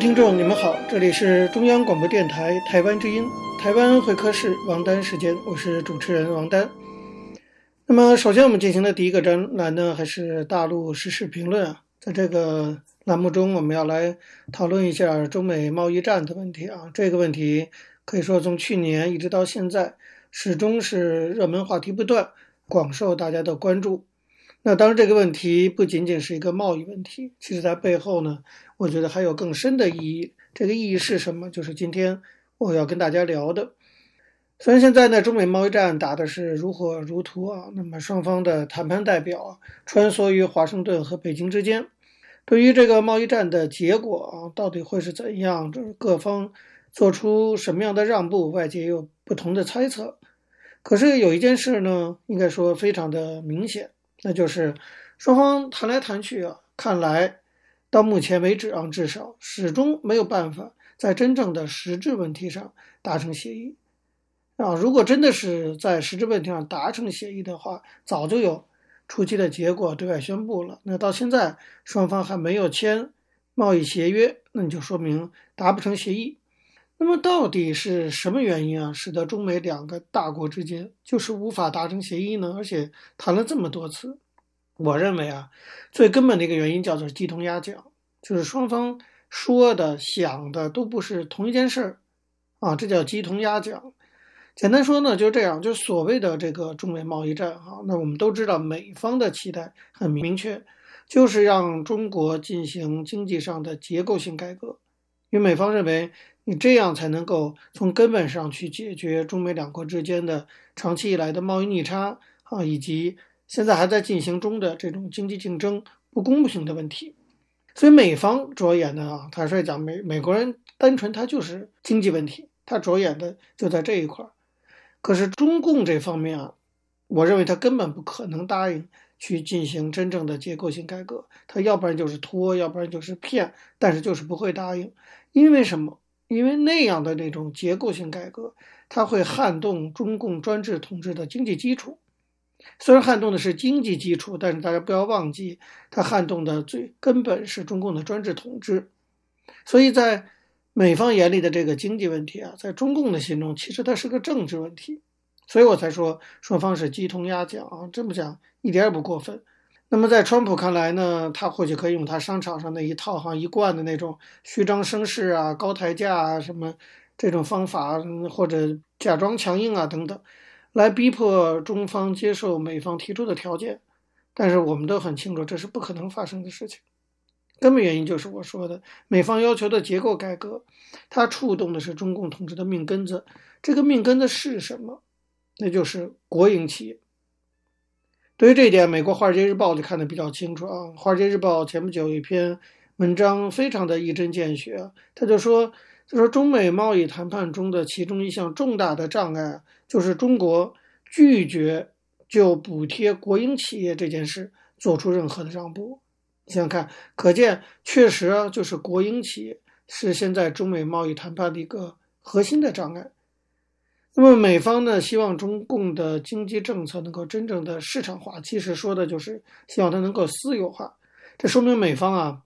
聽眾你們好，這裡是中央廣播電台台灣之音，台灣會客室王丹時間，我是主持人王丹。那麼首先我們進行的第一個專欄呢，還是大陸時事評論啊，在這個欄目中，我們要來討論一下中美貿易戰的問題啊。這個問題可以說從去年一直到現在，始終是熱門話題不斷，廣受大家的關注。那當然，這個問題不僅僅是一個貿易問題，其實在背後呢，我覺得還有更深的意義。這個意義是什麼？就是今天我要跟大家聊的。雖然現在呢，中美貿易戰打的是如火如荼啊，那麼雙方的談判代表啊，穿梭於華盛頓和北京之間，對於這個貿易戰的結果啊，到底會是怎樣，就是各方做出什麼樣的讓步，外界也有不同的猜測。可是有一件事呢，應該說非常的明顯。那就是雙方談來談去啊，看來到目前為止，啊，至少始終沒有辦法在真正的實質問題上達成協議。啊，如果真的是在實質問題上達成協議的話，早就有初期的結果對外宣布了，那到現在雙方還沒有簽貿易協約，那你就說明達不成協議。那麼到底是什麼原因啊，使得中美兩個大國之間就是無法達成協議呢？而且談了這麼多次，我認為啊，最根本的一個原因叫做雞同鴨講，就是雙方說的想的都不是同一件事啊，這叫雞同鴨講。簡單說呢，就這樣，就所謂的這個中美貿易戰哈啊，那我們都知道，美方的期待很明確，就是讓中國進行經濟上的結構性改革，因為美方認為。你這樣才能夠從根本上去解決中美兩國之間的長期以來的貿易逆差啊，以及現在還在進行中的這種經濟競爭不公平的問題。所以美方着眼的啊，坦率講美，美美國人單純他就是經濟問題，他着眼的就在這一塊兒。可是中共這方面啊，我認為他根本不可能答應去進行真正的結構性改革，他要不然就是拖，要不然就是騙，但是就是不會答應，因為什麼？因為那樣的那種結構性改革，它會撼動中共專制統治的經濟基礎。雖然撼動的是經濟基礎，但是大家不要忘記，它撼動的最根本是中共的專制統治。所以在美方眼裡的這個經濟問題啊，在中共的心中其實它是個政治問題。所以我才說雙方是雞同鴨講啊，這麼講一點也不過分。那麼在川普看來呢，他或許可以用他商場上那一套哈一貫的那種虛張聲勢啊、高抬價啊什麼這種方法，或者假裝強硬啊等等，來逼迫中方接受美方提出的條件。但是我們都很清楚，這是不可能發生的事情。根本原因就是我說的，美方要求的結構改革，它觸動的是中共統治的命根子。這個命根子是什麼？那就是國營企業。對於這一點，美國《華爾街日報》就看得比較清楚啊。《華爾街日報》前不久有一篇文章，非常的一針見血，他就說，就說中美貿易談判中的其中一項重大的障礙，就是中國拒絕就補貼國營企業這件事做出任何的讓步。你想想看，可見確實啊，就是國營企業是現在中美貿易談判的一個核心的障礙。那麼美方呢，希望中共的經濟政策能夠真正的市場化，其實說的就是希望它能夠私有化。這說明美方啊，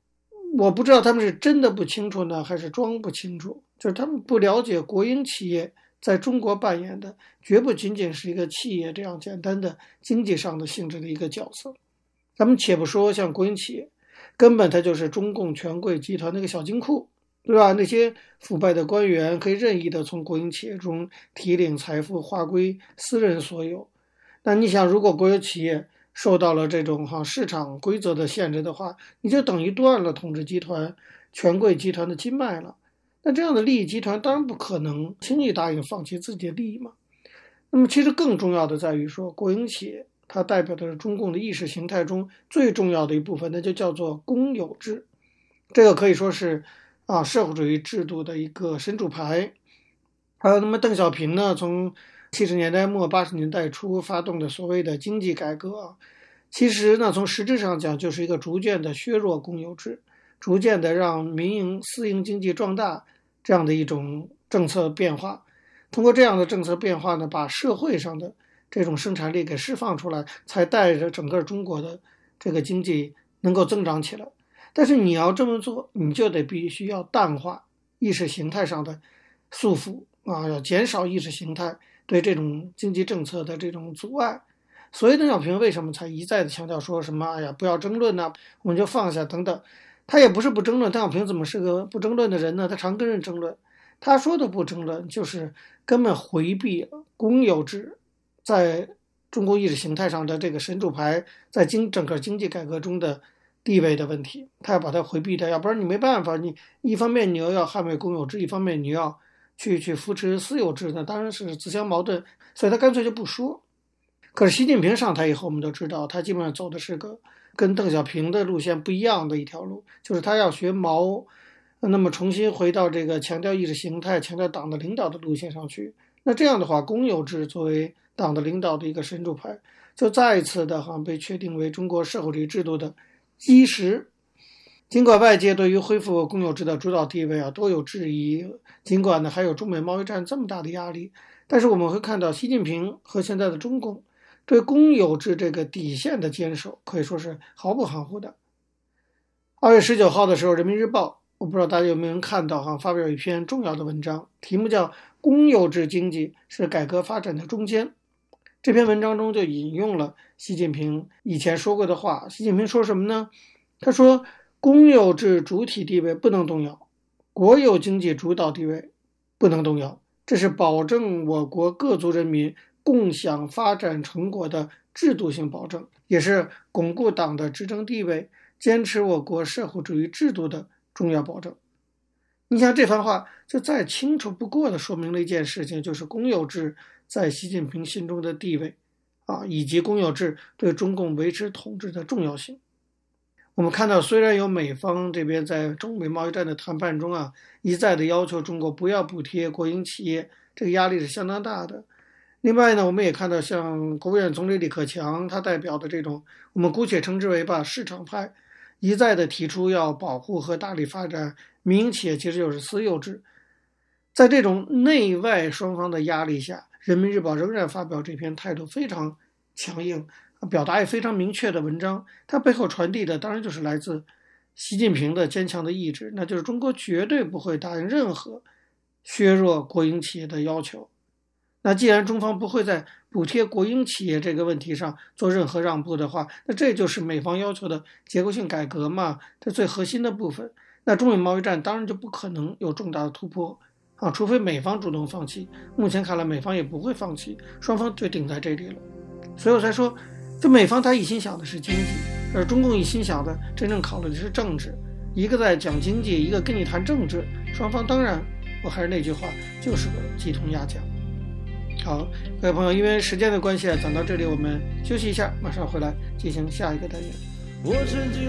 我不知道他們是真的不清楚呢，還是裝不清楚，就是他們不了解國營企業在中國扮演的絕不僅僅是一個企業這樣簡單的經濟上的性質的一個角色。咱們且不說像國營企業，根本它就是中共權貴集團那個小金庫。對吧？那些腐敗的官員可以任意的從國營企業中提領財富，劃歸私人所有。那你想，如果國有企業受到了這種哈市場規則的限制的話，你就等於斷了統治集團、權貴集團的經脈了。那這樣的利益集團當然不可能輕易答應放棄自己的利益嘛。那麼，其實更重要的在於說，國營企業它代表的是中共的意識形態中最重要的一部分，那就叫做公有制。這個可以說是。啊，社會主義制度的一個“神主牌”啊。還有那麼鄧小平呢，從七十年代末八十年代初發動的所謂的經濟改革，其實呢，從實質上講，就是一個逐漸的削弱公有制，逐漸的讓民營私營經濟壯大這樣的一種政策變化。通過這樣的政策變化呢，把社會上的這種生產力給釋放出來，才帶着整個中國的這個經濟能夠增長起來。但是你要這麼做，你就得必須要淡化意識形態上的束縛啊，要減少意識形態對這種經濟政策的這種阻礙。所以鄧小平為什麼才一再的強調說什麼？哎呀，不要爭論呢啊，我們就放下等等。他也不是不爭論，鄧小平怎麼是個不爭論的人呢？他常跟人爭論。他說的不爭論，就是根本回避公有制在中國意識形態上的這個神主牌，在經整個經濟改革中的。地位的問題，他要把它回避掉，要不然你沒辦法。你一方面你又要，要捍衛公有制，一方面你要去去扶持私有制，那當然是自相矛盾。所以他乾脆就不說。可是習近平上台以後，我們都知道，他基本上走的是個跟鄧小平的路線不一樣的一條路，就是他要學毛，那麼重新回到這個強調意識形態、強調黨的領導的路線上去。那這樣的話，公有制作為黨的領導的一個神主牌，就再一次的好像被確定為中國社會主義制度的。基石，儘管外界對於恢復公有制的主導地位啊多有質疑，儘管呢還有中美貿易戰這麼大的壓力，但是我們會看到習近平和現在的中共對公有制這個底線的堅守可以說是毫不含糊的。二月十九號的時候，《人民日報》我不知道大家有沒有看到哈，啊，發表一篇重要的文章，題目叫《公有制經濟是改革發展的中堅》。這篇文章中就引用了習近平以前說過的話。習近平說什麼呢？他說：“公有制主體地位，不能動搖，國有經濟主導地位，不能動搖，這是保證我國各族人民共享發展成果的制度性保證，也是鞏固黨的執政地位、堅持我國社會主義制度的重要保證。”你像這番話，就再清楚不過地說明了一件事情，就是公有制，在習近平心中的地位，啊，以及公有制對中共維持統治的重要性，我們看到，雖然有美方這邊在中美貿易戰的談判中啊，一再的要求中國不要補貼國營企業，這個壓力是相當大的。另外呢，我們也看到，像國務院總理李克強他代表的這種，我們姑且稱之為吧市場派，一再的提出要保護和大力發展民營企業，其實就是私有制。在這種內外雙方的壓力下，人民日報仍然發表這篇態度非常強硬、表達也非常明確的文章，它背後傳遞的當然就是來自習近平的堅強的意志，那就是中國絕對不會答應任何削弱國營企業的要求。那既然中方不會在補貼國營企業這個問題上做任何讓步的話，那這就是美方要求的結構性改革嘛，它最核心的部分，那中美貿易戰當然就不可能有重大的突破。啊，除非美方主動放棄，目前看來美方也不會放棄，雙方就頂在這裡了。所以我才說，這美方他一心想的是經濟，而中共一心想的真正考慮的是政治，一個在講經濟，一個跟你談政治，雙方當然，我還是那句話，就是個雞同鴨講。好，各位朋友，因為時間的關係啊，講到這裡我們休息一下，馬上回來進行下一個單元。我曾經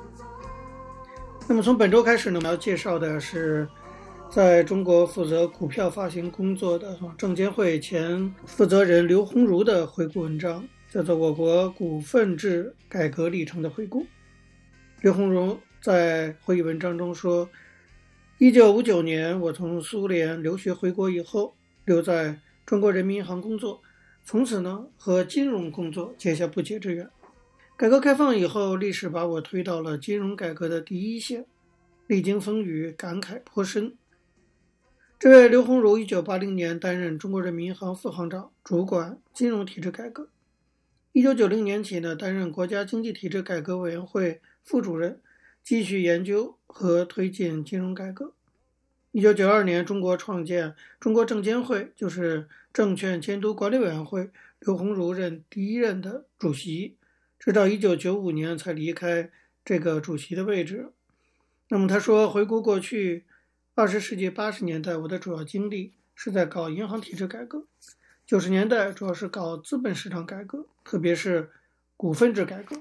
那麼從本周開始呢，我們要介紹的是，在中國負責股票發行工作的證監會前負責人劉鴻儒的回顧文章，叫做《我國股份制改革歷程的回顧》。劉鴻儒在回憶文章中說：“一九五九年，我從蘇聯留學回國以後，留在中國人民銀行工作，從此呢和金融工作結下不解之緣。”改革開放以後，歷史把我推到了金融改革的第一線，歷經風雨，感慨頗深。這位劉鴻儒，一九八零年擔任中國人民銀行副行長，主管金融體制改革；一九九零年起呢，擔任國家經濟體制改革委員會副主任，繼續研究和推進金融改革。一九九二年，中國創建中國證監會，就是證券監督管理委員會，劉鴻儒任第一任的主席。直到一九九五年才離開這個主席的位置。那麼他說：“回顧過去二十世紀八十年代，我的主要精力是在搞銀行體制改革；九十年代主要是搞資本市場改革，特別是股份制改革。”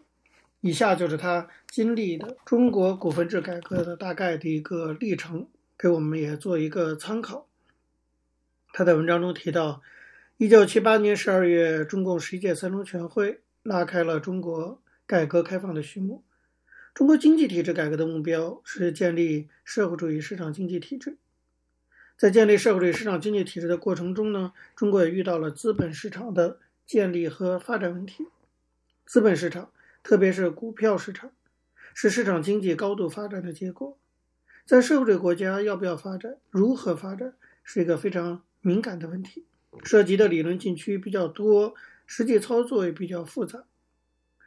以下就是他經歷的中國股份制改革的大概的一個歷程，給我們也做一個參考。他在文章中提到，一九七八年十二月中共十一屆三中全會。拉開了中國改革開放的序幕。中國經濟體制改革的目標是建立社會主義市場經濟體制。在建立社會主義市場經濟體制的過程中呢，中國也遇到了資本市場的建立和發展問題。資本市場，特別是股票市場，是市場經濟高度發展的結果。在社會主義國家，要不要發展、如何發展，是一個非常敏感的問題，涉及的理論禁區比較多。實際操作也比較複雜。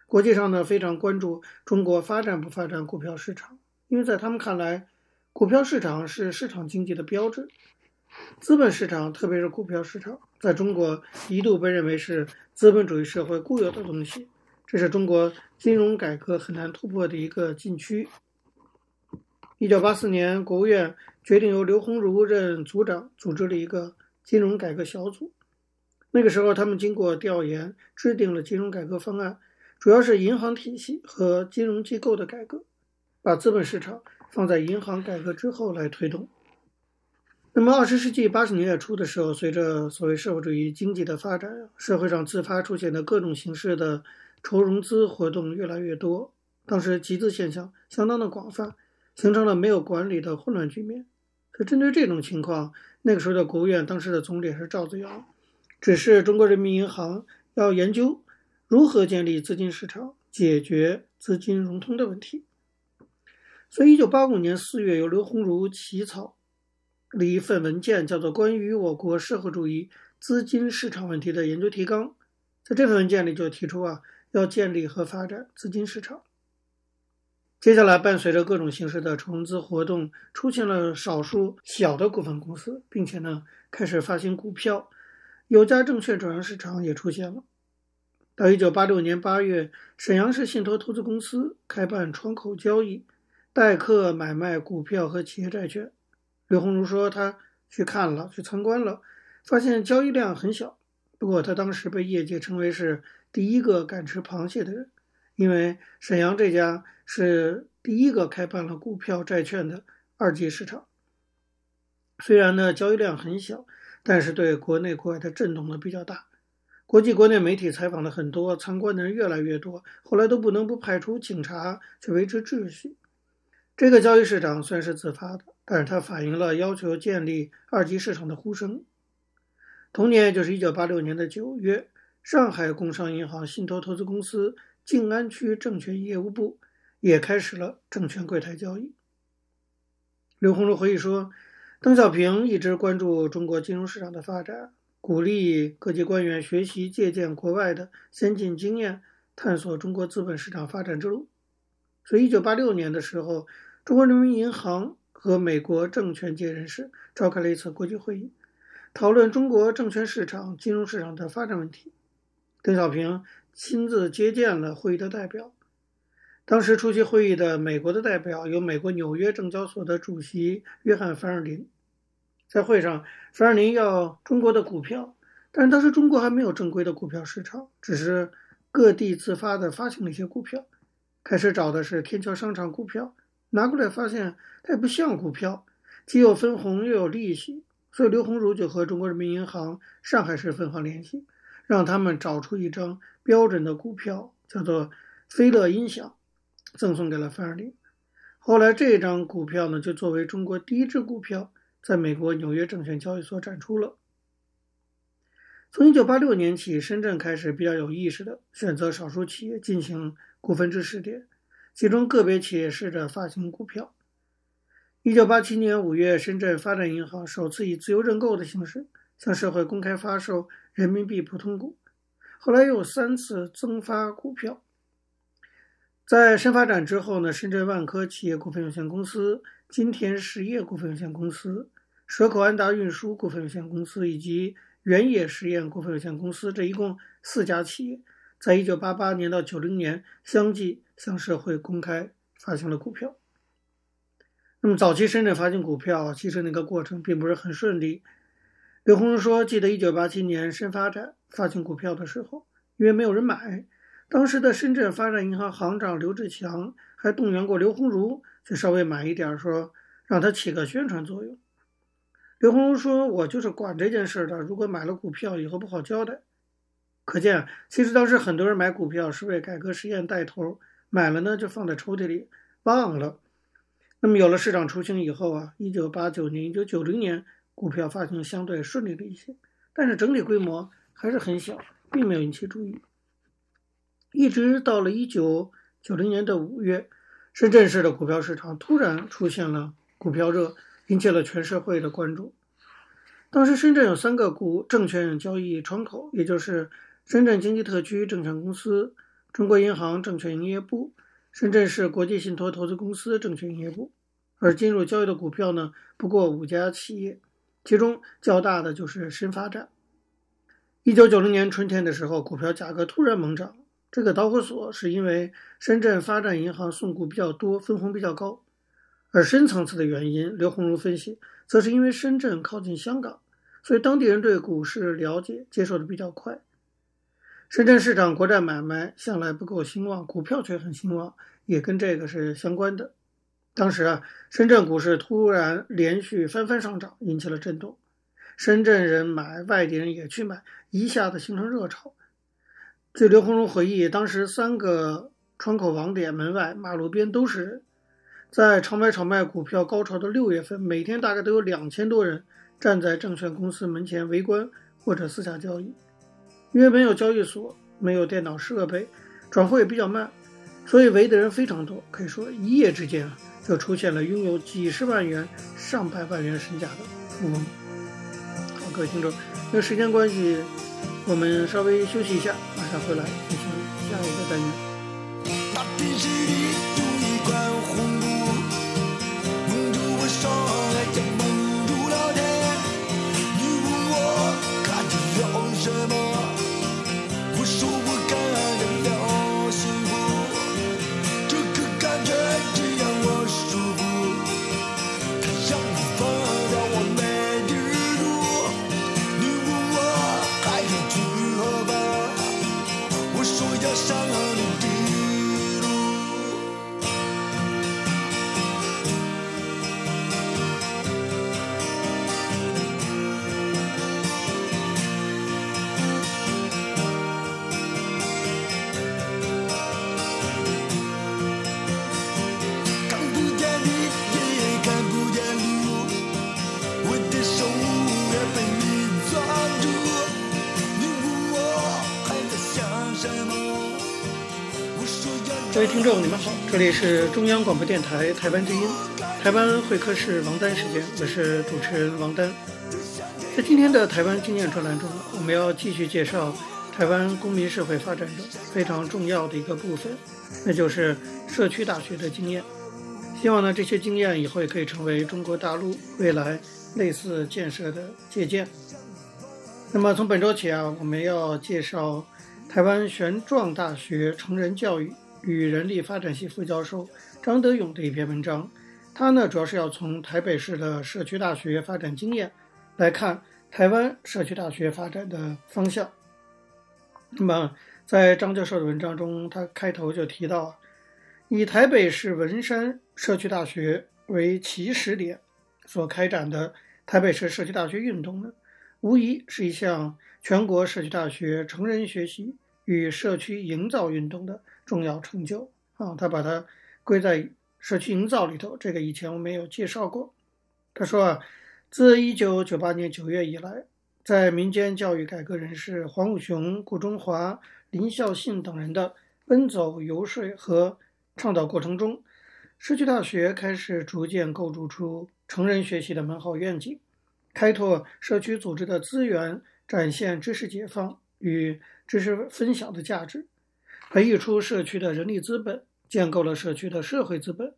國際上呢，非常關注中國發展不發展股票市場，因為在他們看來，股票市場是市場經濟的標準。資本市場，特別是股票市場，在中國一度被認為是資本主義社會固有的東西，這是中國金融改革很難突破的一個禁區。一九八四年，國務院決定由劉鴻儒任組長，組織了一個金融改革小組。那個時候，他們經過調研，制定了金融改革方案，主要是銀行體系和金融機構的改革，把資本市場放在銀行改革之後來推動。那麼，二十世紀八十年代初的時候，隨着所謂社會主義經濟的發展，社會上自發出現的各種形式的籌融資活動越來越多，當時集資現象相當的廣泛，形成了沒有管理的混亂局面。可針對這種情況，那個時候的國務院當時的總理是趙紫陽。只是中國人民銀行要研究如何建立資金市場，解決資金融通的問題。所以，一九八五年四月，由劉鴻儒起草了一份文件，叫做《關於我國社會主義資金市場問題的研究提綱》。在這份文件裡就提出啊，要建立和發展資金市場。接下來，伴隨着各種形式的籌資活動，出現了少數小的股份公司，並且呢，開始發行股票。有價證券轉讓市場也出現了。到一九八六年八月，瀋陽市信托投資公司開辦窗口交易，代客買賣股票和企業債券。劉鴻儒說，他去看了，去參觀了，發現交易量很小。不過，他當時被業界稱為是第一個敢吃螃蟹的人，因為瀋陽這家是第一個開辦了股票債券的二級市場。雖然呢，交易量很小。但是對國內國外的震動呢，比較大，國際國內媒體採訪的很多，參觀的人越來越多，後來都不能不派出警察去維持秩序。這個交易市場雖然是自發的，但是它反映了要求建立二級市場的呼聲。同年，就是一九八六年的九月，上海工商銀行信托投資公司靜安區證券業務部也開始了證券櫃檯交易。劉鴻儒回憶說。鄧小平一直關注中國金融市場的發展，鼓勵各級官員學習借鑑國外的先進經驗，探索中國資本市場發展之路。所以，一九八六年的時候，中國人民銀行和美國證券界人士召開了一次國際會議，討論中國證券市場、金融市場的發展問題。鄧小平親自接見了會議的代表。當時出席會議的美國的代表有美國紐約證交所的主席約翰·凡爾林。在會上，凡爾林要中國的股票，但是當時中國還沒有正規的股票市場，只是各地自發的發行了一些股票。開始找的是天橋商場股票，拿過來發現它也不像股票，既有分紅又有利息，所以劉鴻儒就和中國人民銀行上海市分行聯繫，讓他們找出一張標準的股票，叫做飛樂音響。贈送給了范爾霖，後來這一張股票呢，就作為中國第一支股票，在美國紐約證券交易所展出了。從1986年起，深圳開始比較有意識地選擇少數企業進行股份制試點，其中個別企業試着發行股票。1987年5月，深圳發展銀行首次以自由認購的形式向社會公開發售人民幣普通股，後來又三次增發股票。在深發展之後呢，深圳萬科企業股份有限公司、金田實業股份有限公司、蛇口安達運輸股份有限公司以及原野實業股份有限公司，這一共四家企業，在一九八八年到九零年相繼向社會公開發行了股票。那麼，早期深圳發行股票，其實那個過程並不是很順利。劉洪說：“記得一九八七年深發展發行股票的時候，因為沒有人買。”當時的深圳發展銀行行長劉志強還動員過劉鴻儒，再稍微買一點說，說讓他起個宣傳作用。劉鴻儒說：“我就是管這件事的，如果買了股票以後不好交代。”可見，其實當時很多人買股票是為改革實驗帶頭，買了呢就放在抽屜裡，忘了。那麼有了市場雛形以後啊，一九八九年、一九九零年股票發行相對順利了一些，但是整體規模還是很小，並沒有引起注意。一直到了一九九零年的五月，深圳市的股票市場突然出現了股票熱，引起了全社會的關注。當時深圳有三個股證券交易窗口，也就是深圳經濟特區證券公司、中國銀行證券營業部、深圳市國際信託投資公司證券營業部。而進入交易的股票呢，不過五家企業，其中較大的就是深發展。一九九零年春天的時候，股票價格突然猛漲。這個導火索是因為深圳發展銀行送股比較多，分紅比較高，而深層次的原因，劉鴻儒分析，則是因為深圳靠近香港，所以當地人對股市了解接受得比較快。深圳市場國債買賣向來不夠興旺，股票卻很興旺，也跟這個是相關的。當時啊，深圳股市突然連續翻番上漲，引起了震動，深圳人買，外地人也去買，一下子形成熱潮。據劉洪榮回憶，當時三個窗口網點門外、馬路邊都是人在炒買炒賣股票高潮的六月份，每天大概都有兩千多人站在證券公司門前圍觀或者私下交易。因為沒有交易所，沒有電腦設備，轉戶也比較慢，所以圍的人非常多。可以說，一夜之間就出現了擁有幾十萬元、上百萬元身價的富翁、嗯。好，各位聽眾，因為時間關係。我們稍微休息一下，馬上回來進行下一個單元。觀眾你們好，這裡是中央廣播電台台灣之音，台灣會客室王丹時間，我是主持人王丹。在今天的台灣經驗專欄中，我們要繼續介紹台灣公民社會發展中非常重要的一個部分，那就是社區大學的經驗。希望呢，這些經驗以後也可以成為中國大陸未來類似建設的借鑑。那麼從本周起啊，我們要介紹台灣玄奘大學成人教育。與人力發展系副教授張德勇的一篇文章，他呢主要是要從台北市的社區大學發展經驗來看台灣社區大學發展的方向。那麼，在張教授的文章中，他開頭就提到，以台北市文山社區大學為起始點所開展的台北市社區大學運動呢，無疑是一項全國社區大學成人學習與社區營造運動的。重要成就啊、哦，他把它歸在社區營造裡頭。這個以前我沒有介紹過。他說啊，自1998年9月以來，在民間教育改革人士黃武雄、顧中華、林孝信等人的奔走游說和倡導過程中，社區大學開始逐漸構築出成人學習的美好願景，開拓社區組織的資源，展現知識解放與知識分享的價值。培育出社區的人力資本，建構了社區的社會資本，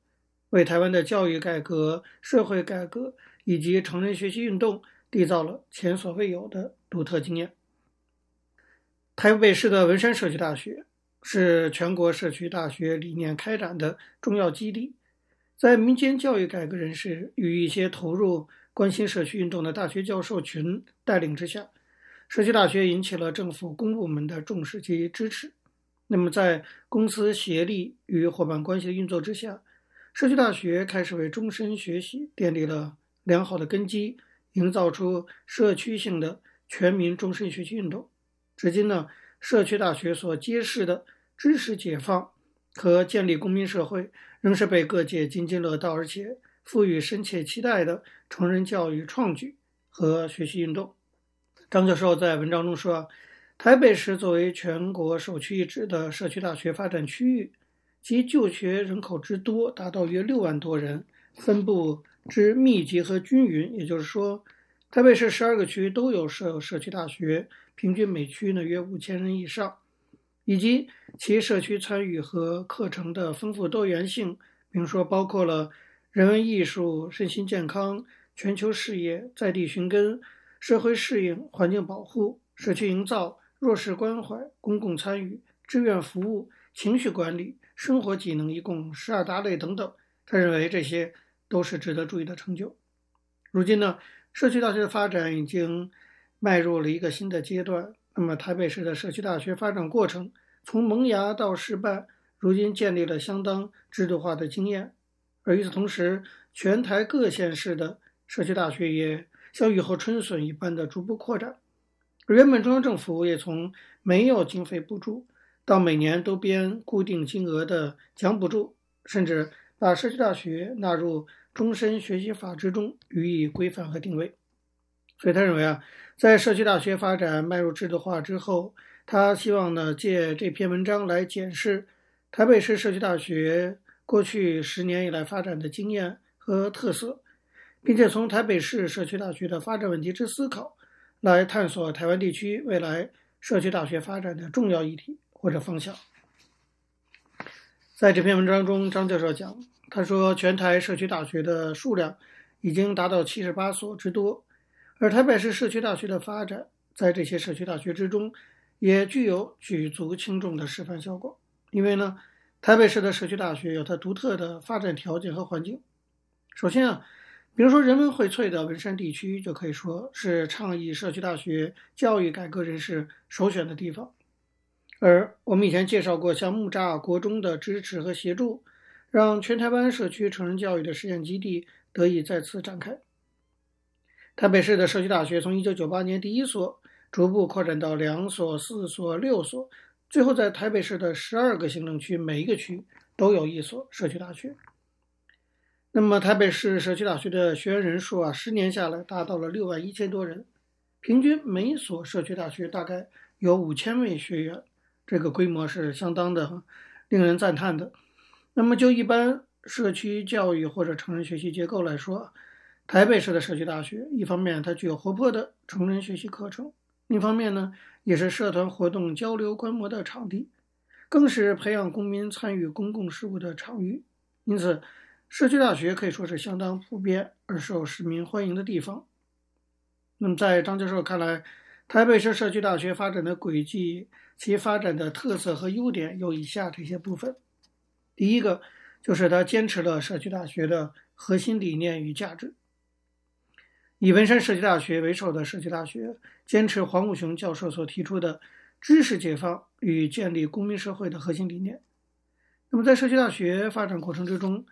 為台灣的教育改革、社會改革以及成人學習運動締造了前所未有的獨特經驗。台北市的文山社區大學是全國社區大學理念開展的重要基地。在民間教育改革人士與一些投入關心社區運動的大學教授群帶領之下，社區大學引起了政府公部門的重視及支持。那麼，在公司協力與夥伴關係的運作之下，社區大學開始為終身學習奠定了良好的根基，營造出社區性的全民終身學習運動。至今呢，社區大學所揭示的知識解放和建立公民社會，仍是被各界津津樂道而且賦予深切期待的成人教育創舉和學習運動。張教授在文章中說啊，台北市作為全國首屈一指的社區大學發展區域，其就學人口之多達到約六萬多人，分布之密集和均勻。也就是說，台北市十二個區都有設有社區大學，平均每區呢約五千人以上，以及其社區參與和課程的豐富多元性，比如說包括了人文藝術、身心健康、全球視野、在地尋根、社會適應、環境保護、社區營造。弱勢關懷、公共參與、志願服務、情緒管理、生活技能，一共十二大類等等。他認為這些都是值得注意的成就。如今呢，社區大學的發展已經邁入了一個新的階段。那麼，台北市的社區大學發展過程，從萌芽到試辦，如今建立了相當制度化的經驗。而與此同時，全台各縣市的社區大學也像雨後春筍一般的逐步擴展。而原本中央政府也從沒有經費補助，到每年都編固定金額的獎補助，甚至把社區大學納入終身學習法之中予以規範和定位。所以他認為啊，在社區大學發展邁入制度化之後，他希望呢借這篇文章來檢視台北市社區大學過去十年以來發展的經驗和特色，並且從台北市社區大學的發展問題之思考。來探索台灣地區未來社區大學發展的重要議題或者方向。在這篇文章中，張教授講，他說，全台社區大學的數量已經達到七十八所之多，而台北市社區大學的發展，在這些社區大學之中，也具有舉足輕重的示範效果。因為呢，台北市的社區大學有它獨特的發展條件和環境。首先啊。比如說，人文薈萃的文山地區就可以說是倡議社區大學教育改革人士首選的地方。而我們以前介紹過，像木柵國中的支持和協助，讓全台灣社區成人教育的實驗基地得以再次展開。台北市的社區大學從1998年第一所，逐步擴展到兩所、四所、六所，最後在台北市的十二個行政區，每一個區都有一所社區大學。那麼，台北市社區大學的學員人數啊，十年下來達到了六萬一千多人，平均每所社區大學大概有五千位學員，這個規模是相當的，令人讚嘆的。那麼，就一般社區教育或者成人學習機構來說，台北市的社區大學，一方面它具有活潑的成人學習課程，另一方面呢，也是社團活動交流觀摩的場地，更是培養公民參與公共事務的場域，因此。社區大學可以說是相當普遍而受市民歡迎的地方。那麼，在張教授看來，台北市社區大學發展的軌跡，其發展的特色和優點有以下這些部分：第一個就是他堅持了社區大學的核心理念與價值。以文山社區大學為首的社區大學，堅持黃武雄教授所提出的“知識解放與建立公民社會”的核心理念。那麼，在社區大學發展過程之中，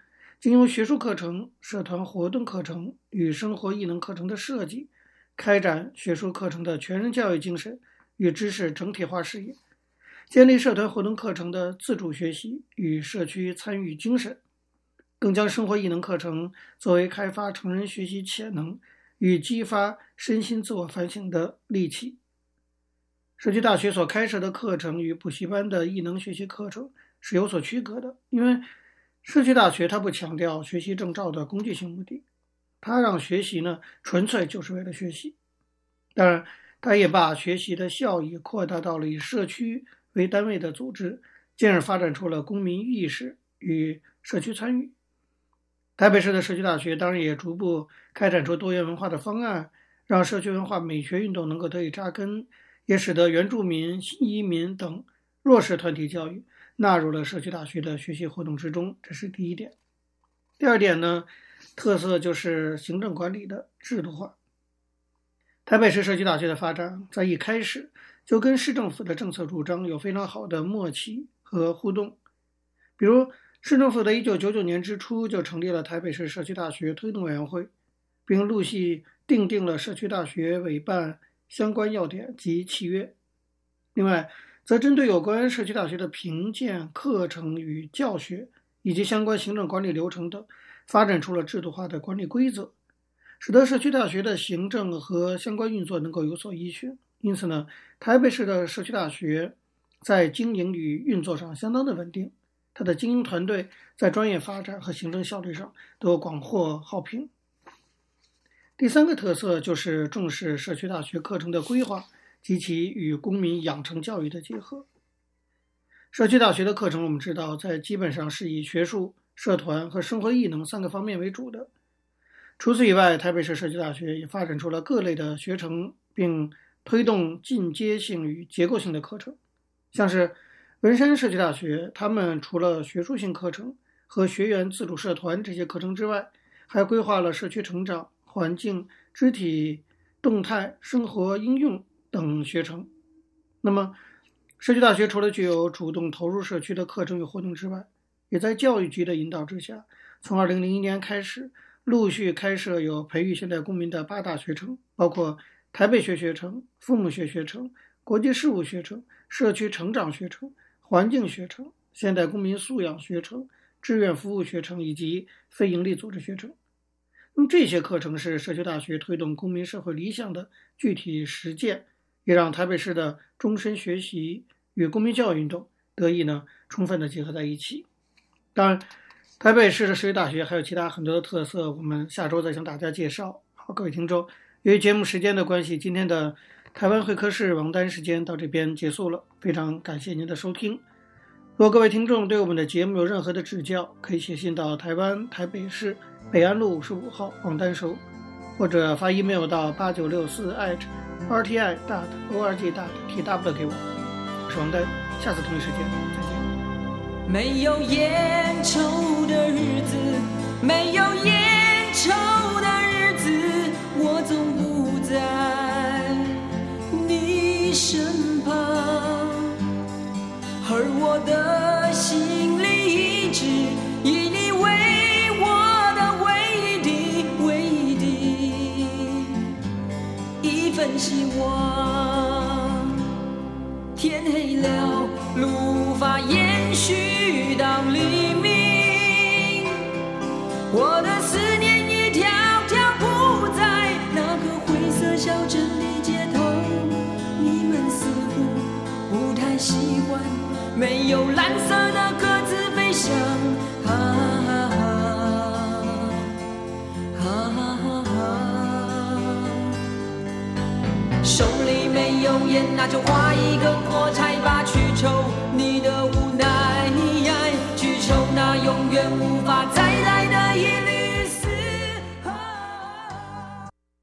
經由學術課程、社團活動課程與生活藝能課程的設計，開展學術課程的全人教育精神與知識整體化事業，建立社團活動課程的自主學習與社區參與精神，更將生活藝能課程作為開發成人學習潛能與激發身心自我反省的利器。社區大學所開設的課程與補習班的藝能學習課程是有所區隔的，因為。社區大學它不強調學習證照的工具性目的，它讓學習呢純粹就是為了學習。當然，它也把學習的效益擴大到了以社區為單位的組織，進而發展出了公民意識與社區參與。台北市的社區大學當然也逐步開展出多元文化的方案，讓社區文化美學運動能夠得以扎根，也使得原住民、新移民等弱勢團體教育。納入了社區大學的學習活動之中，這是第一點。第二點呢，特色就是行政管理的制度化。台北市社區大學的發展在一開始就跟市政府的政策主張有非常好的默契和互動。比如，市政府在1999年之初就成立了台北市社區大學推動委員會，並陸續訂定了社區大學委辦相關要點及契約。另外，則針對有關社區大學的評鑑、課程與教學以及相關行政管理流程等，發展出了制度化的管理規則，使得社區大學的行政和相關運作能夠有所依據。因此呢，台北市的社區大學，在經營與運作上相當的穩定，它的經營團隊在專業發展和行政效率上都廣獲好評。第三個特色就是重視社區大學課程的規劃。及其與公民養成教育的結合。社區大學的課程，我們知道，在基本上是以學術、社團和生活藝能三個方面為主的。除此以外，臺北市社區大學也發展出了各類的學程，並推動進階性與結構性的課程，像是文山社區大學，他們除了學術性課程和學員自主社團這些課程之外，還規劃了社區成長、環境、肢體動態、生活應用。等學程，那麼社區大學除了具有主動投入社區的課程與活動之外，也在教育局的引導之下，從二零零一年開始，陸續開設有培育現代公民的八大學程，包括台北學學程、父母學學程、國際事務學程、社區成長學程、環境學程、現代公民素養學程、志願服務學程以及非營利組織學程。那麼這些課程是社區大學推動公民社會理想的具體實踐。也讓台北市的終身學習與公民教育運動得以呢充分的結合在一起。當然，台北市的社區大學還有其他很多的特色，我們下周再向大家介紹。好，各位聽眾，由於節目時間的關係，今天的台灣會客室王丹時間到這邊結束了。非常感謝您的收聽。如果各位聽眾對我們的節目有任何的指教，可以寫信到台灣台北市北安路五十五號王丹收，或者發 email 到八九六四@。rti.org.tw 給我，是我是王丹，下次同一時間再見。沒有煙抽的日子，沒有煙抽的日子，我總不在你身旁，而我的。希望天黑了路。那就劃一根火柴吧，去抽你的無奈，去抽那永遠無